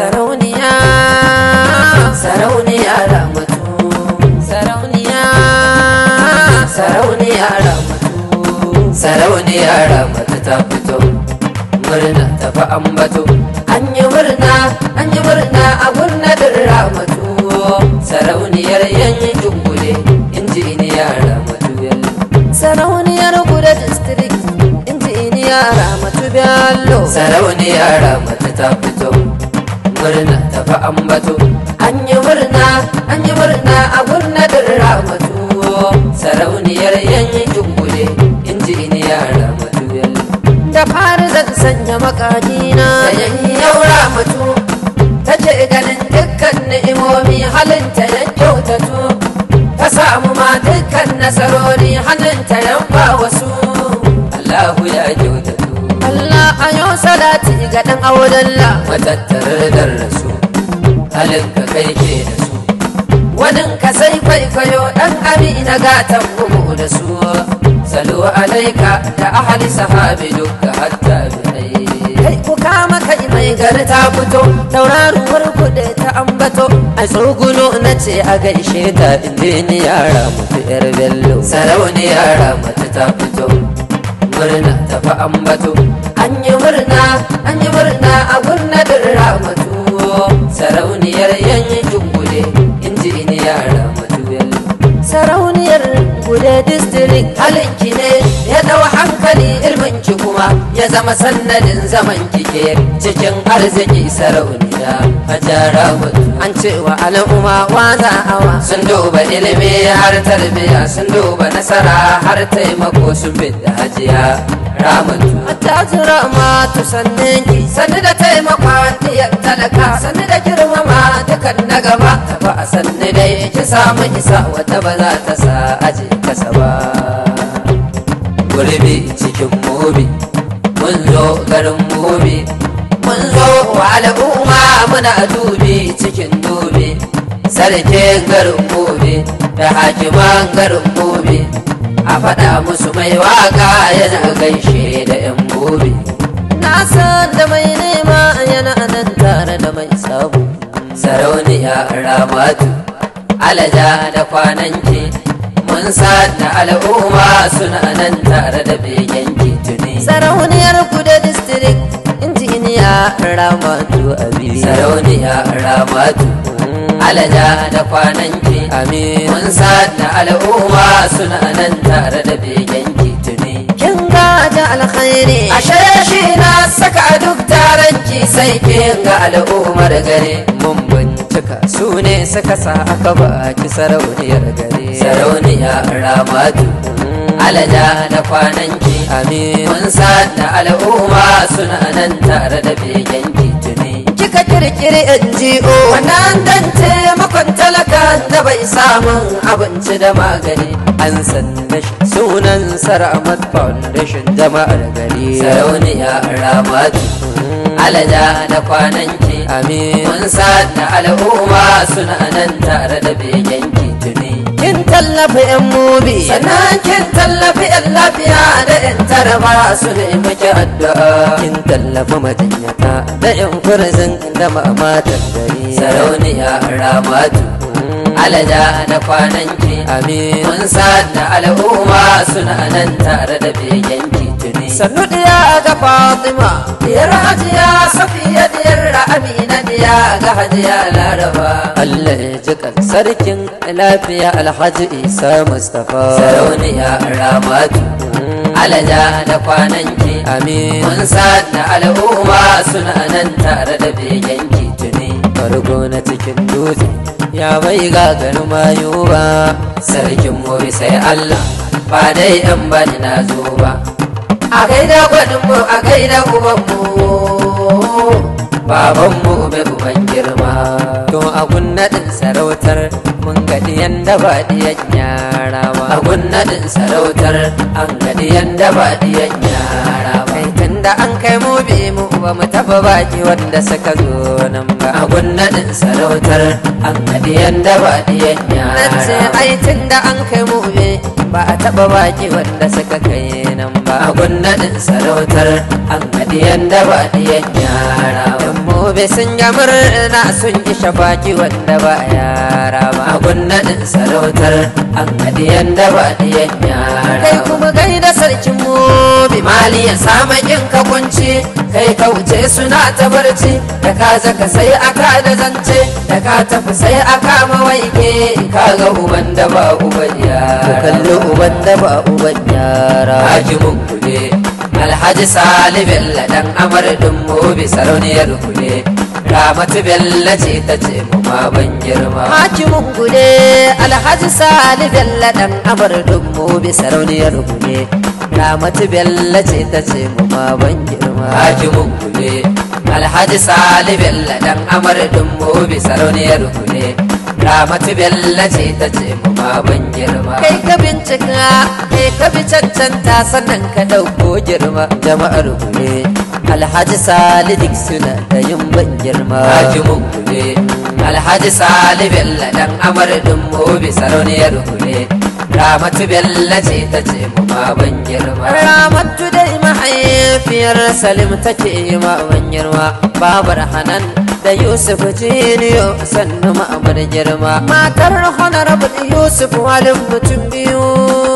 sarauniya sarauniya mutu sarauniya sarauniya mutu sarauniya mutu ta fito murna tafi ambato an yi murna an yi murna a gurnadin ramatu sarauniyar yanyi jungule ya ramatu bello sarauniyar guda district ni ya ramatu bello sarauniyar ramatu ta fito murna tafi an yi murna an yi murna a da ramatu sarauniyar yanyi jungule in ji in yara matuyal da faru zan sanya makadina yanyi yau ramatu ta ce ganin dukkan ni'imomi halinta ya kyautatu ta samu ma dukkan nasarori halinta yan ba wasu a dan la. matattare da rasu halin ka kai ke da su wani ka sai kwaikwayo ɗan amina ga mu da su salo alaika da ahli sahabi dukka hatta bi kai ku kama kai mai gari ta fito tauraruwar kuɗe ta ambato a tsogulo na ce a gaishe ta injiniyar ramatu yar bello sarauniyar ta fito murna tafi an yi murna an yi murna a gurnatin ramatu sarauniyar yankin jungule in ji ini yara sarauniyar gure district halinki ne ya dau hankali kuma ya zama sannanin zaman kike cikin arziki sarauniya hajara an cewa al'umma waza awa sun duba ilimi har tarbiya sun duba nasara har taimako sun da hajiya ramatu attajira ma tu sannin ki sanni da taimakon diyar talaka sanni da girmama dukan na gaba ba a sanni dai ki samu isa wata ba za ta sa aji kasa ba gurbi cikin mobi garin gobe mun zo wa al'umma muna dubi cikin dubi sarkin garin da hakiman garin a faɗa musu mai waka yana gaishe da 'yan gobe na san da mai nema yana nan tare da mai sabo sarauniya ramatu alaja da kwananki mun san da al'umma suna nan tare da begenki tuni sarauniyar ku da ramatu sarauni sarauniya ramatu mm. alaja da kwanan ki amin mun da al'umma suna nan tare da begen ki tuni kin da alkhairi ashe shi na saka a duk taron ki sai kin ga al'ummar gare mun bincika su ne suka sa aka baki sarauniyar gare sarauniya ramatu alada da kwanan ki amin da al'umma suna nan tare da begen tituni kika kirkiri NGO wannan dan taimakon talaka da bai samun abinci da magani an san sunan Saramat Foundation jama'ar gari sarauniya Ramatu mm-hmm. alada da kwanan ki amin da al'umma suna nan tare da begen tituni tallafi yan mubi sannan kin tallafi yan lafiya da yan tarba su ne muke addu'a kin tallafi majinyata da yan kurzin da mamatan gari sarauniya ramatu mm. alaja da kwanan ki amin kun sa da al'umma suna nan tare da begen sannu diya ga fatima diyar hajiya safiya diyar amina diya ga hajiya laraba allah ya ji sarkin lafiya alhaji isa mustapha sarauniya ramatu mm. alaja da kwananki amin mun sa da al'umma suna nan tare da begenki tuni farko na cikin dutse ya bai gagarin mayu ba sarkin mu sai allah ba dai yan bani na zo ba a gaida gwaninmu a gaida ubanmu babanmu mai uban girma to a gunnadin sarautar mun gaɗi yanda ba diyan yara ba a gunnadin sarautar an gaɗi yanda ba diyan yara ba da an kai mu bi mu ba mu taba baki wanda suka zo nan ba abun nadin sarautar an haɗi yanda ba ɗiyan yara nace ai tun da an kai mu bi ba a taɓa baki wanda suka kai nan ba abun nadin sarautar an haɗi yanda ba ɗiyan yara gobe sun yi murna sun ji shafaki wanda ba yara ba gunnanin sarautar an gadi da ba diyan yara kai kuma gai da sarkin mu bi Mali ya sami yin kakunci kai ka wuce suna ta barci da ka zaka sai aka da zance da ka tafi sai aka mawaike ka ga uban da ba uban yara kalli uban da ba uban yara mun kuɗe alhaji sali bella dan amar mu bi sarauniyar kule mata bella ce ta ce mu ma ban girma mun gude alhaji sali bella dan amar mu bi sarauniyar kule mata bella ce ta ce mu ma ban girma mun gude alhaji sali bella dan amar mu bi sarauniyar kule ramatu bella ce ta ce mu baban girma kai ka bincika kai ka bi cancanta sannan ka ɗauko girma jama'ar gure alhaji salidik suna da yin ban girma haji gure alhaji sali bella dan amar din mobi sarauniyar gure ramatu bella ce ta ce mu baban girma ramatu dai mahaifiyar salim ta ce ma ban girma babar hanan da Yusuf Jiniyo sannu ma'amar girma matar Honorable Yusuf walin mutum biyu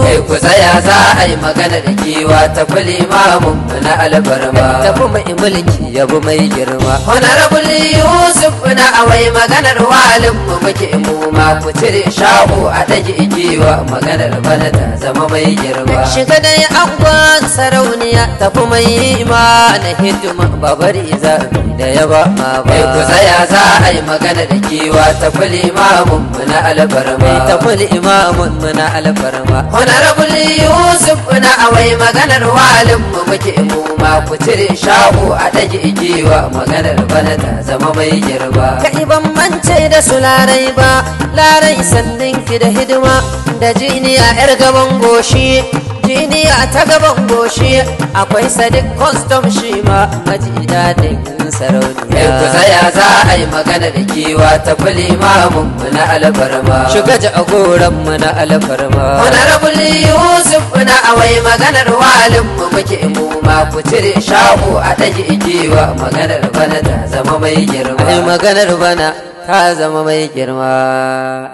kai ku tsaya za a yi magana da giwa ta kuli mamun na albarma tafi mai mulki yabu mai girma Honorable Yusuf na awai maganar walin mu muke ma ku cire shago a ɗage giwa maganar bana ta zama mai girma shiga dai angon sarauniya tafi mai ma na hidima babar izabi da ya ma ba ku eh, tsaya za a yi magana da kewa ta kuli eh, imamun muna alfarma ta kuli imamun muna alfarma honorable yusuf muna awai maganar walin mu muke ma ku cire shago a ɗage igiwa maganar bana ta zama mai girba kai ban mance da su larai ba larai sannan ki da hidima da jiniya yar gaban goshi jiniya ta gaban goshi akwai sadik custom shi ma maji daɗin sarauniya ku eh, tsaya za a yi magana da kewa ta fili mamun mu na alfarma shuka ji agoran mu na alfarma wani rabuli yusuf na awai maganar walin mu muke mu ma ku cire shago a ɗage kewa maganar bana ta zama mai girma ai maganar bana ta zama mai girma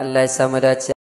Allah ya samu dace